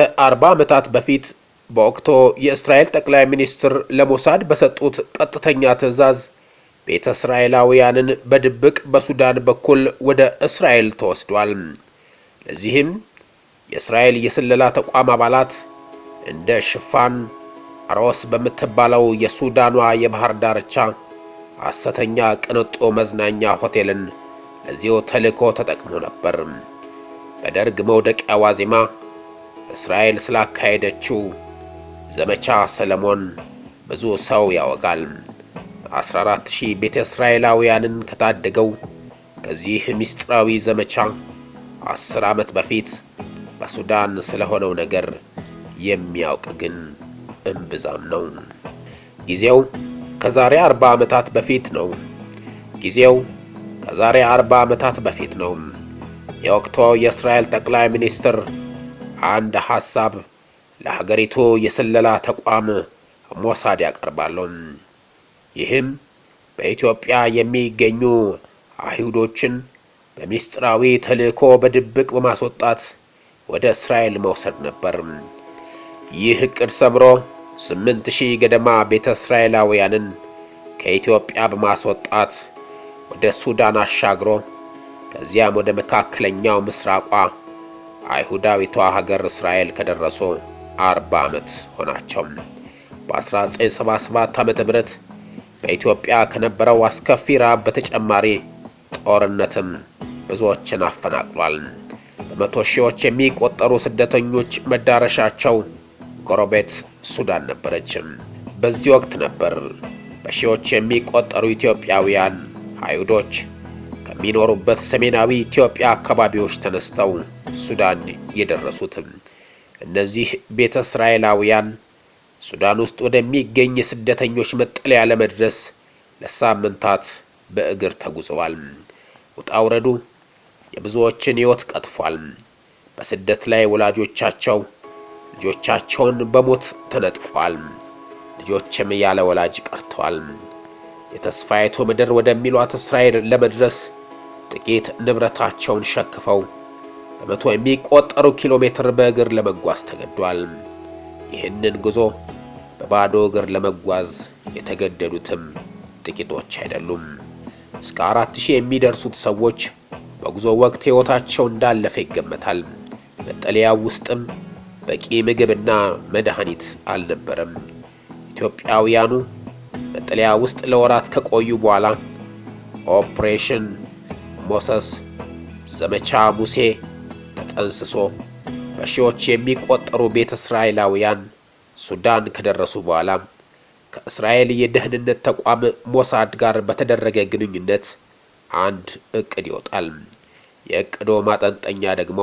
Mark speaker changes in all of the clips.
Speaker 1: ከአርባ ዓመታት በፊት በወቅቱ የእስራኤል ጠቅላይ ሚኒስትር ለሞሳድ በሰጡት ቀጥተኛ ትዕዛዝ ቤተ እስራኤላውያንን በድብቅ በሱዳን በኩል ወደ እስራኤል ተወስዷል። ለዚህም የእስራኤል የስለላ ተቋም አባላት እንደ ሽፋን አሮስ በምትባለው የሱዳኗ የባህር ዳርቻ ሐሰተኛ ቅንጦ መዝናኛ ሆቴልን ለዚሁ ተልዕኮ ተጠቅሞ ነበር። በደርግ መውደቂያ ዋዜማ እስራኤል ስላካሄደችው ዘመቻ ሰለሞን ብዙ ሰው ያወጋል። 14000 ቤተ እስራኤላውያንን ከታደገው ከዚህ ምስጢራዊ ዘመቻ አስር ዓመት በፊት በሱዳን ስለሆነው ነገር የሚያውቅ ግን እምብዛም ነው። ጊዜው ከዛሬ 40 ዓመታት በፊት ነው። ጊዜው ከዛሬ 40 ዓመታት በፊት ነው። የወቅቱ የእስራኤል ጠቅላይ ሚኒስትር አንድ ሀሳብ ለሀገሪቱ የስለላ ተቋም ሞሳድ ያቀርባሉ። ይህም በኢትዮጵያ የሚገኙ አይሁዶችን በሚስጥራዊ ተልእኮ በድብቅ በማስወጣት ወደ እስራኤል መውሰድ ነበር። ይህ እቅድ ሰብሮ ስምንት ሺህ ገደማ ቤተ እስራኤላውያንን ከኢትዮጵያ በማስወጣት ወደ ሱዳን አሻግሮ ከዚያም ወደ መካከለኛው ምስራቋ አይሁዳዊቷ ሀገር እስራኤል ከደረሱ 40 ዓመት ሆናቸው። በ1977 ዓ ም በኢትዮጵያ ከነበረው አስከፊ ረሃብ በተጨማሪ ጦርነትም ብዙዎችን አፈናቅሏል። በመቶ ሺዎች የሚቆጠሩ ስደተኞች መዳረሻቸው ጎረቤት ሱዳን ነበረችም። በዚህ ወቅት ነበር በሺዎች የሚቆጠሩ ኢትዮጵያውያን አይሁዶች ከሚኖሩበት ሰሜናዊ ኢትዮጵያ አካባቢዎች ተነስተው ሱዳን የደረሱትም እነዚህ ቤተ እስራኤላውያን ሱዳን ውስጥ ወደሚገኝ የስደተኞች መጠለያ ለመድረስ ለሳምንታት በእግር ተጉዘዋል። ውጣ ውረዱ የብዙዎችን ሕይወት ቀጥፏል። በስደት ላይ ወላጆቻቸው ልጆቻቸውን በሞት ተነጥቋል። ልጆችም ያለ ወላጅ ቀርተዋል። የተስፋይቱ ምድር ወደሚሏት እስራኤል ለመድረስ ጥቂት ንብረታቸውን ሸክፈው በመቶ የሚቆጠሩ ኪሎ ሜትር በእግር ለመጓዝ ተገዷል። ይህንን ጉዞ በባዶ እግር ለመጓዝ የተገደዱትም ጥቂቶች አይደሉም። እስከ አራት ሺህ የሚደርሱት ሰዎች በጉዞ ወቅት ሕይወታቸው እንዳለፈ ይገመታል። መጠለያው ውስጥም በቂ ምግብና መድኃኒት አልነበረም። ኢትዮጵያውያኑ መጠለያ ውስጥ ለወራት ከቆዩ በኋላ ኦፕሬሽን ሞሰስ ዘመቻ ሙሴ ተጠንስሶ በሺዎች የሚቆጠሩ ቤተ እስራኤላውያን ሱዳን ከደረሱ በኋላ ከእስራኤል የደህንነት ተቋም ሞሳድ ጋር በተደረገ ግንኙነት አንድ እቅድ ይወጣል። የእቅዶ ማጠንጠኛ ደግሞ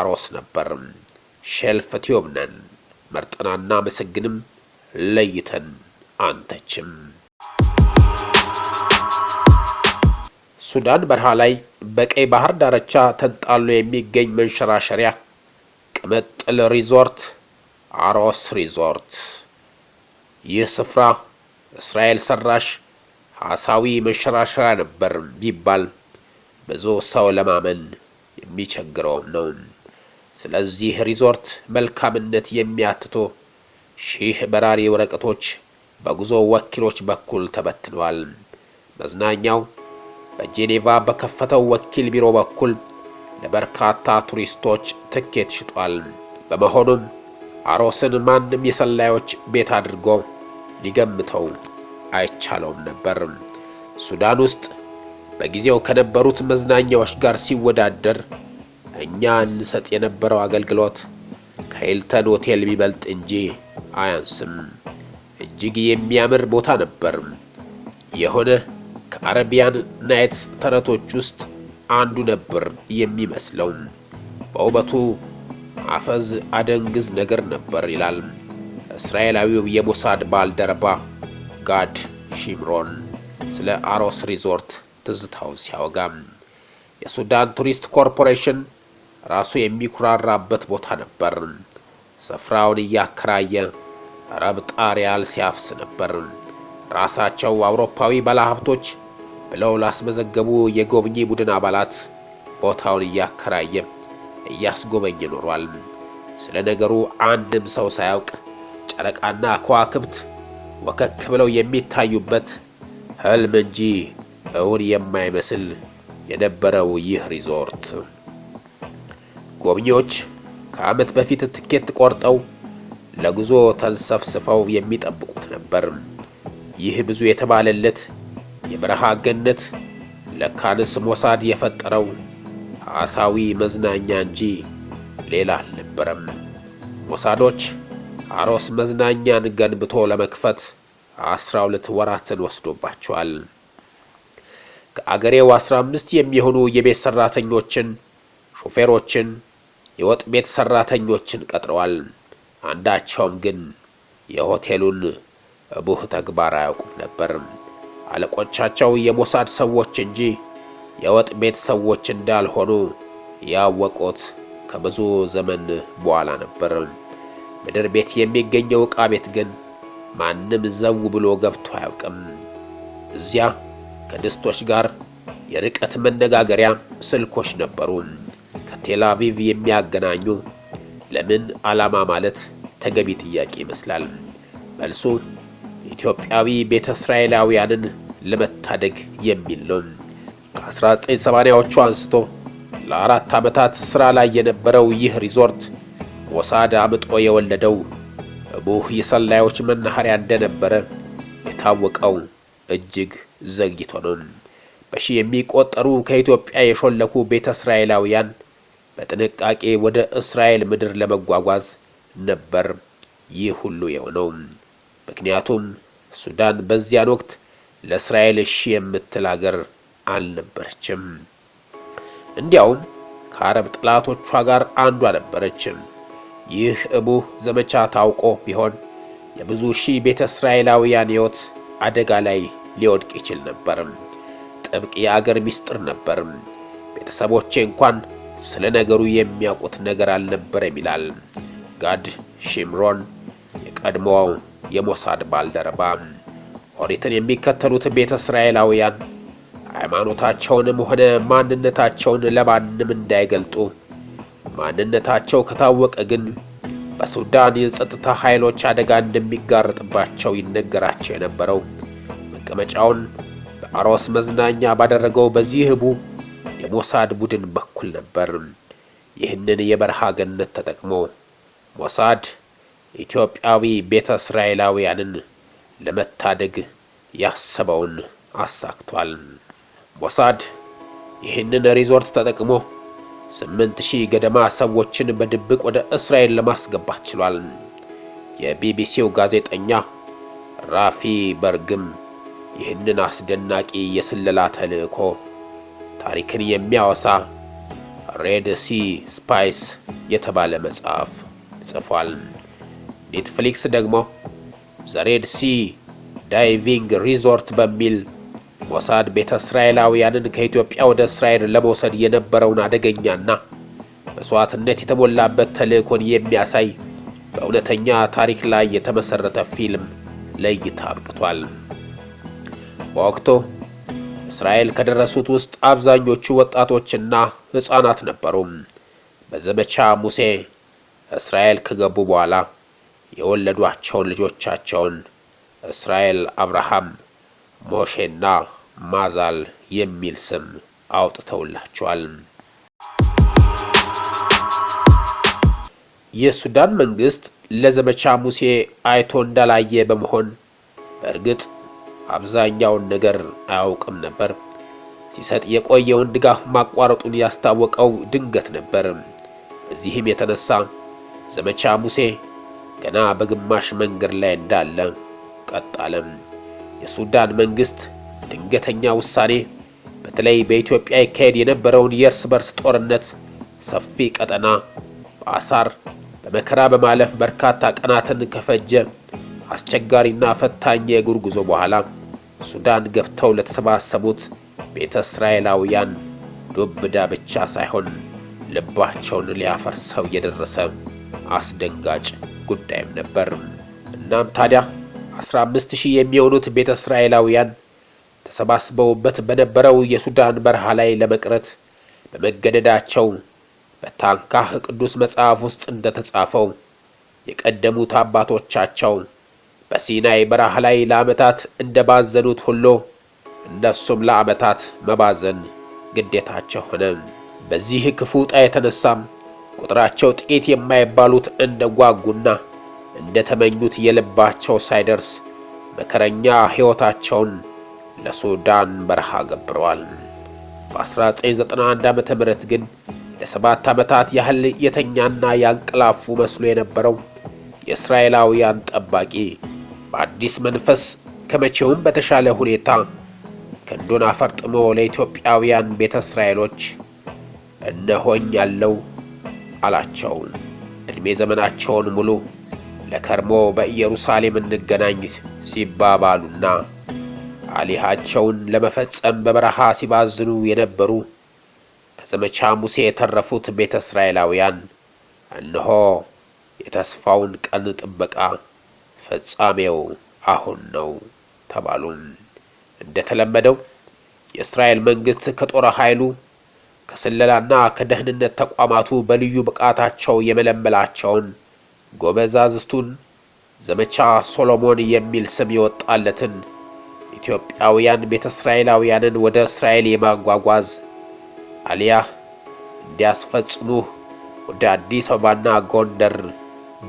Speaker 1: አሮስ ነበር። ሼልፍ ቲዮብነን መርጠናና መስግንም ለይተን አንተችም። ሱዳን በረሃ ላይ በቀይ ባህር ዳርቻ ተንጣሎ የሚገኝ መንሸራሸሪያ ቅምጥል ሪዞርት አሮስ ሪዞርት። ይህ ስፍራ እስራኤል ሰራሽ ሐሳዊ መንሸራሸሪያ ነበር ቢባል ብዙ ሰው ለማመን የሚቸግረው ነው። ስለዚህ ሪዞርት መልካምነት የሚያትቱ ሺህ በራሪ ወረቀቶች በጉዞ ወኪሎች በኩል ተበትነዋል። መዝናኛው በጄኔቫ በከፈተው ወኪል ቢሮ በኩል ለበርካታ ቱሪስቶች ትኬት ሽጧል። በመሆኑም አሮስን ማንም የሰላዮች ቤት አድርጎ ሊገምተው አይቻለውም ነበር። ሱዳን ውስጥ በጊዜው ከነበሩት መዝናኛዎች ጋር ሲወዳደር እኛ እንሰጥ የነበረው አገልግሎት ከሂልተን ሆቴል ቢበልጥ እንጂ አያንስም። እጅግ የሚያምር ቦታ ነበር የሆነ ከአረቢያን ናይት ተረቶች ውስጥ አንዱ ነበር የሚመስለው። በውበቱ አፈዝ አደንግዝ ነገር ነበር ይላል እስራኤላዊው የሞሳድ ባልደረባ ጋድ ሺምሮን ስለ አሮስ ሪዞርት ትዝታው ሲያወጋም። የሱዳን ቱሪስት ኮርፖሬሽን ራሱ የሚኩራራበት ቦታ ነበር። ስፍራውን እያከራየ አረብ ጣሪያል ሲያፍስ ነበር። ራሳቸው አውሮፓዊ ባለሀብቶች ብለው ላስመዘገቡ የጎብኚ ቡድን አባላት ቦታውን እያከራየ እያስጎበኘ ኖሯል። ስለ ነገሩ አንድም ሰው ሳያውቅ ጨረቃና ከዋክብት ወከክ ብለው የሚታዩበት ህልም እንጂ እውን የማይመስል የነበረው ይህ ሪዞርት ጎብኚዎች ከዓመት በፊት ትኬት ቆርጠው ለጉዞ ተንሰፍስፈው የሚጠብቁት ነበር። ይህ ብዙ የተባለለት የበረሃ ገነት ለካንስ ሞሳድ የፈጠረው አሳዊ መዝናኛ እንጂ ሌላ አልነበረም። ሞሳዶች አሮስ መዝናኛን ገንብቶ ለመክፈት አስራ ሁለት ወራትን ወስዶባቸዋል። ከአገሬው አስራ አምስት የሚሆኑ የቤት ሰራተኞችን፣ ሾፌሮችን፣ የወጥ ቤት ሰራተኞችን ቀጥረዋል። አንዳቸውም ግን የሆቴሉን እቡህ ተግባር አያውቁም ነበር። አለቆቻቸው የሞሳድ ሰዎች እንጂ የወጥ ቤት ሰዎች እንዳልሆኑ ያወቁት ከብዙ ዘመን በኋላ ነበር። ምድር ቤት የሚገኘው ዕቃ ቤት ግን ማንም ዘው ብሎ ገብቶ አያውቅም። እዚያ ከድስቶች ጋር የርቀት መነጋገሪያ ስልኮች ነበሩ፣ ከቴላቪቭ የሚያገናኙ። ለምን ዓላማ ማለት ተገቢ ጥያቄ ይመስላል መልሱ ኢትዮጵያዊ ቤተ እስራኤላውያንን ለመታደግ የሚል ነው። ከ1980ዎቹ አንስቶ ለአራት ዓመታት ሥራ ላይ የነበረው ይህ ሪዞርት ወሳድ አምጦ የወለደው እቡህ የሰላዮች መናኸሪያ እንደነበረ የታወቀው እጅግ ዘግይቶ ነው። በሺ የሚቆጠሩ ከኢትዮጵያ የሾለኩ ቤተ እስራኤላውያን በጥንቃቄ ወደ እስራኤል ምድር ለመጓጓዝ ነበር ይህ ሁሉ የሆነው። ምክንያቱም ሱዳን በዚያን ወቅት ለእስራኤል እሺ የምትል አገር አልነበረችም። እንዲያውም ከአረብ ጠላቶቿ ጋር አንዷ ነበረችም። ይህ እቡህ ዘመቻ ታውቆ ቢሆን የብዙ ሺህ ቤተ እስራኤላውያን ሕይወት አደጋ ላይ ሊወድቅ ይችል ነበርም። ጥብቅ የአገር ምስጢር ነበርም። ቤተሰቦቼ እንኳን ስለ ነገሩ የሚያውቁት ነገር አልነበረም ይላል ጋድ ሺምሮን የቀድሞው የሞሳድ ባልደረባ ኦሪትን የሚከተሉት ቤተ እስራኤላውያን ሃይማኖታቸውንም ሆነ ማንነታቸውን ለማንም እንዳይገልጡ፣ ማንነታቸው ከታወቀ ግን በሱዳን የጸጥታ ኃይሎች አደጋ እንደሚጋረጥባቸው ይነገራቸው የነበረው መቀመጫውን በአሮስ መዝናኛ ባደረገው በዚህ ህቡ የሞሳድ ቡድን በኩል ነበር። ይህንን የበረሃ ገነት ተጠቅሞ ሞሳድ ኢትዮጵያዊ ቤተ እስራኤላውያንን ለመታደግ ያሰበውን አሳክቷል። ሞሳድ ይህንን ሪዞርት ተጠቅሞ ስምንት ሺህ ገደማ ሰዎችን በድብቅ ወደ እስራኤል ለማስገባት ችሏል። የቢቢሲው ጋዜጠኛ ራፊ በርግም ይህንን አስደናቂ የስለላ ተልእኮ ታሪክን የሚያወሳ ሬድ ሲ ስፓይስ የተባለ መጽሐፍ ጽፏል። ኔትፍሊክስ ደግሞ ዘሬድ ሲ ዳይቪንግ ሪዞርት በሚል ሞሳድ ቤተ እስራኤላውያንን ከኢትዮጵያ ወደ እስራኤል ለመውሰድ የነበረውን አደገኛና መስዋዕትነት የተሞላበት ተልእኮን የሚያሳይ በእውነተኛ ታሪክ ላይ የተመሰረተ ፊልም ለእይታ አብቅቷል። በወቅቱ እስራኤል ከደረሱት ውስጥ አብዛኞቹ ወጣቶችና ሕፃናት ነበሩ። በዘመቻ ሙሴ እስራኤል ከገቡ በኋላ የወለዷቸውን ልጆቻቸውን እስራኤል አብርሃም፣ ሞሼና ማዛል የሚል ስም አውጥተውላቸዋል። የሱዳን መንግስት ለዘመቻ ሙሴ አይቶ እንዳላየ በመሆን በእርግጥ አብዛኛውን ነገር አያውቅም ነበር። ሲሰጥ የቆየውን ድጋፍ ማቋረጡን ያስታወቀው ድንገት ነበር። በዚህም የተነሳ ዘመቻ ሙሴ ገና በግማሽ መንገድ ላይ እንዳለ ቀጣለም። የሱዳን መንግስት ድንገተኛ ውሳኔ በተለይ በኢትዮጵያ ይካሄድ የነበረውን የእርስ በርስ ጦርነት ሰፊ ቀጠና በአሳር በመከራ በማለፍ በርካታ ቀናትን ከፈጀ አስቸጋሪና ፈታኝ የእግር ጉዞ በኋላ ሱዳን ገብተው ለተሰባሰቡት ቤተ እስራኤላውያን ዱብዳ ብቻ ሳይሆን ልባቸውን ሊያፈርሰው የደረሰ አስደንጋጭ ጉዳይም ነበር። እናም ታዲያ 15 ሺህ የሚሆኑት ቤተ እስራኤላውያን ተሰባስበውበት በነበረው የሱዳን በረሃ ላይ ለመቅረት በመገደዳቸው በታንካህ ቅዱስ መጽሐፍ ውስጥ እንደተጻፈው የቀደሙት አባቶቻቸው በሲናይ በረሃ ላይ ለዓመታት እንደባዘኑት ሁሉ እነሱም ለዓመታት መባዘን ግዴታቸው ሆነ። በዚህ ክፉ ዕጣ የተነሳም ቁጥራቸው ጥቂት የማይባሉት እንደ ጓጉና እንደ ተመኙት የልባቸው ሳይደርስ መከረኛ ሕይወታቸውን ለሱዳን በረሃ ገብረዋል። በ1991 ዓ ም ግን ለሰባት ዓመታት ያህል የተኛና ያንቀላፉ መስሎ የነበረው የእስራኤላውያን ጠባቂ በአዲስ መንፈስ ከመቼውም በተሻለ ሁኔታ ክንዱን አፈርጥሞ ለኢትዮጵያውያን ቤተ እስራኤሎች እነሆኝ ያለው አላቸው። ዕድሜ ዘመናቸውን ሙሉ ለከርሞ በኢየሩሳሌም እንገናኝ ሲባባሉና አሊሃቸውን ለመፈጸም በበረሃ ሲባዝኑ የነበሩ ከዘመቻ ሙሴ የተረፉት ቤተ እስራኤላውያን እነሆ የተስፋውን ቀን ጥበቃ ፍጻሜው አሁን ነው ተባሉ። እንደተለመደው የእስራኤል መንግሥት ከጦር ኃይሉ ከስለላና ከደህንነት ተቋማቱ በልዩ ብቃታቸው የመለመላቸውን ጎበዛዝቱን ዘመቻ ሶሎሞን የሚል ስም የወጣለትን ኢትዮጵያውያን ቤተ እስራኤላውያንን ወደ እስራኤል የማጓጓዝ አሊያ እንዲያስፈጽሙ ወደ አዲስ አበባና ጎንደር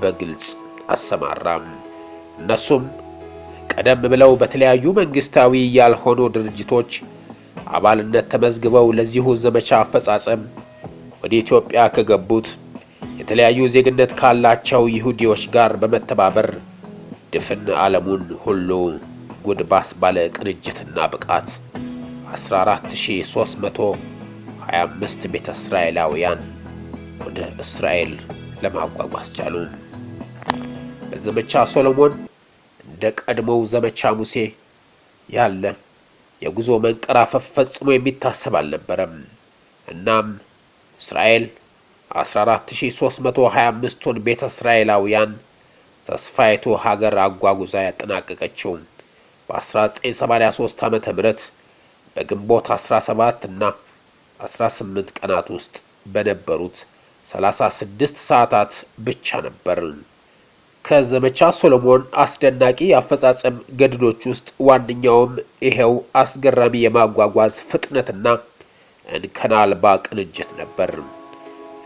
Speaker 1: በግልጽ አሰማራም። እነሱም ቀደም ብለው በተለያዩ መንግስታዊ ያልሆኑ ድርጅቶች አባልነት ተመዝግበው ለዚሁ ዘመቻ አፈጻጸም ወደ ኢትዮጵያ ከገቡት የተለያዩ ዜግነት ካላቸው ይሁዲዎች ጋር በመተባበር ድፍን ዓለሙን ሁሉ ጉድ ባስባለ ቅንጅትና ብቃት 14325 ቤተ እስራኤላውያን ወደ እስራኤል ለማጓጓዝ ቻሉ። በዘመቻ ሶሎሞን እንደ ቀድሞው ዘመቻ ሙሴ ያለ የጉዞ መንቀራፈፍ ፈጽሞ የሚታሰብ አልነበረም። እናም እስራኤል 14325 ቶን ቤተ እስራኤላውያን ተስፋይቱ ሀገር አጓጉዛ ያጠናቀቀችው በ1983 ዓ ምህረት በግንቦት 17 እና 18 ቀናት ውስጥ በነበሩት 36 ሰዓታት ብቻ ነበር። ከዘመቻ ሶሎሞን አስደናቂ የአፈጻጸም ገድሎች ውስጥ ዋነኛውም ይሄው አስገራሚ የማጓጓዝ ፍጥነትና እንከን አልባ ቅንጅት ነበር።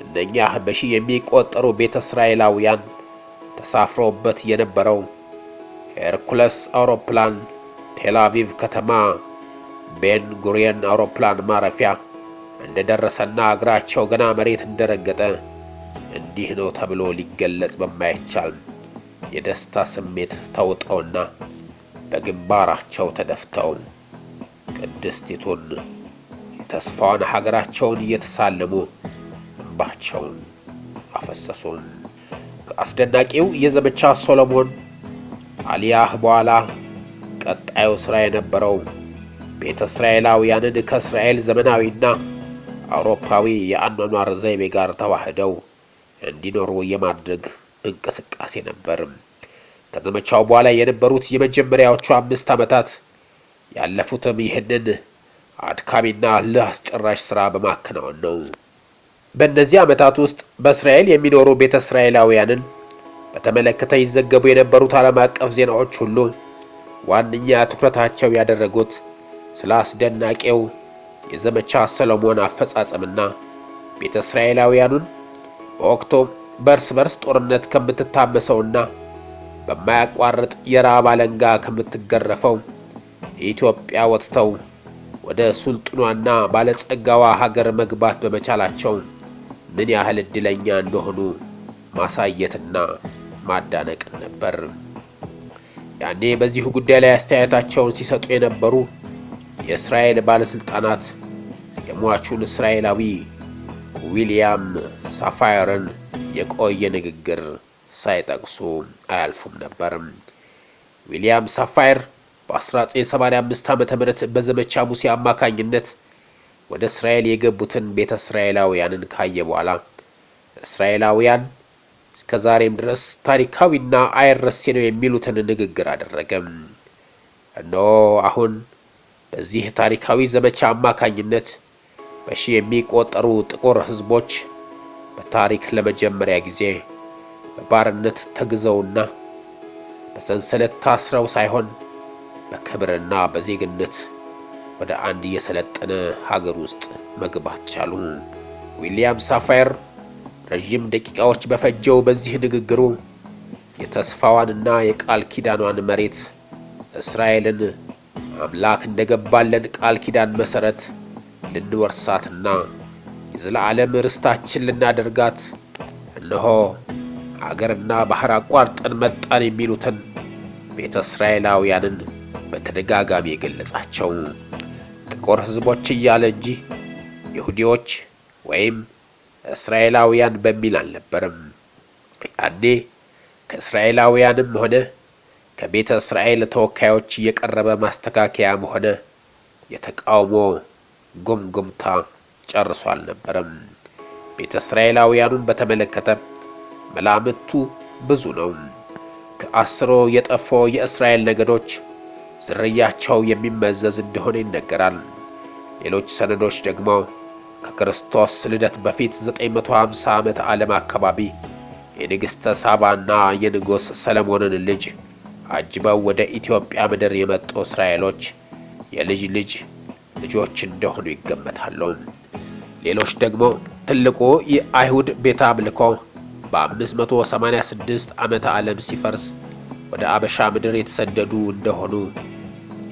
Speaker 1: እነኛ በሺ የሚቆጠሩ ቤተ እስራኤላውያን ተሳፍረውበት የነበረው ሄርኩለስ አውሮፕላን ቴላቪቭ ከተማ ቤን ጉሪየን አውሮፕላን ማረፊያ እንደደረሰና እግራቸው ገና መሬት እንደረገጠ እንዲህ ነው ተብሎ ሊገለጽ በማይቻል የደስታ ስሜት ተውጠውና በግንባራቸው ተደፍተው ቅድስቲቱን የተስፋዋን ሀገራቸውን እየተሳለሙ እንባቸውን አፈሰሱን። ከአስደናቂው የዘመቻ ሶሎሞን አሊያህ በኋላ ቀጣዩ ሥራ የነበረው ቤተ እስራኤላውያንን ከእስራኤል ዘመናዊና አውሮፓዊ የአኗኗር ዘይቤ ጋር ተዋህደው እንዲኖሩ የማድረግ እንቅስቃሴ ነበር። ከዘመቻው በኋላ የነበሩት የመጀመሪያዎቹ አምስት ዓመታት ያለፉትም ይህንን አድካሚና ለአስጨራሽ ስራ በማከናወን ነው። በእነዚህ ዓመታት ውስጥ በእስራኤል የሚኖሩ ቤተ እስራኤላውያንን በተመለከተ ይዘገቡ የነበሩት ዓለም አቀፍ ዜናዎች ሁሉ ዋነኛ ትኩረታቸው ያደረጉት ስለ አስደናቂው የዘመቻ ሰሎሞን አፈጻጸምና ቤተ እስራኤላውያኑን በወቅቱ በእርስ በርስ ጦርነት ከምትታመሰውና በማያቋርጥ የረሃብ አለንጋ ከምትገረፈው የኢትዮጵያ ወጥተው ወደ ሱልጥኗና ባለጸጋዋ ሀገር መግባት በመቻላቸው ምን ያህል እድለኛ እንደሆኑ ማሳየትና ማዳነቅን ነበር። ያኔ በዚሁ ጉዳይ ላይ አስተያየታቸውን ሲሰጡ የነበሩ የእስራኤል ባለሥልጣናት የሟቹን እስራኤላዊ ዊልያም ሳፋየርን የቆየ ንግግር ሳይጠቅሱ አያልፉም ነበር። ዊሊያም ሳፋየር በ1985 ዓ ም በዘመቻ ሙሴ አማካኝነት ወደ እስራኤል የገቡትን ቤተ እስራኤላውያንን ካየ በኋላ እስራኤላውያን እስከ ዛሬም ድረስ ታሪካዊና አይረሴ ነው የሚሉትን ንግግር አደረገም። እነሆ አሁን በዚህ ታሪካዊ ዘመቻ አማካኝነት በሺ የሚቆጠሩ ጥቁር ሕዝቦች በታሪክ ለመጀመሪያ ጊዜ በባርነት ተግዘውና በሰንሰለት ታስረው ሳይሆን በክብርና በዜግነት ወደ አንድ የሰለጠነ ሀገር ውስጥ መግባት ቻሉ። ዊሊያም ሳፋየር ረዥም ደቂቃዎች በፈጀው በዚህ ንግግሩ የተስፋዋንና የቃል ኪዳኗን መሬት እስራኤልን አምላክ እንደገባለን ቃል ኪዳን መሠረት ልንወርሳትና የዘላለም ርስታችን ልናደርጋት እነሆ አገርና ባህር አቋርጠን መጣን የሚሉትን ቤተ እስራኤላውያንን በተደጋጋሚ የገለጻቸው ጥቁር ሕዝቦች እያለ እንጂ ይሁዲዎች ወይም እስራኤላውያን በሚል አልነበረም። ያኔ ከእስራኤላውያንም ሆነ ከቤተ እስራኤል ተወካዮች እየቀረበ ማስተካከያም ሆነ የተቃውሞ ጉምጉምታ ጨርሶ አልነበረም። ቤተ እስራኤላውያኑን በተመለከተ መላምቱ ብዙ ነው። ከአስሮ የጠፎ የእስራኤል ነገዶች ዝርያቸው የሚመዘዝ እንደሆነ ይነገራል። ሌሎች ሰነዶች ደግሞ ከክርስቶስ ልደት በፊት 950 ዓመት ዓለም አካባቢ የንግሥተ ሳባና የንጉሥ ሰለሞንን ልጅ አጅበው ወደ ኢትዮጵያ ምድር የመጡ እስራኤሎች የልጅ ልጅ ልጆች እንደሆኑ ይገመታሉ። ሌሎች ደግሞ ትልቁ የአይሁድ ቤተ አምልኮ በ586 ዓመተ ዓለም ሲፈርስ ወደ አበሻ ምድር የተሰደዱ እንደሆኑ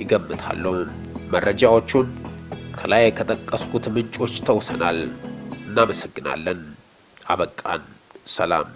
Speaker 1: ይገምታሉ። መረጃዎቹን ከላይ ከጠቀስኩት ምንጮች ተውሰናል። እናመሰግናለን። አበቃን። ሰላም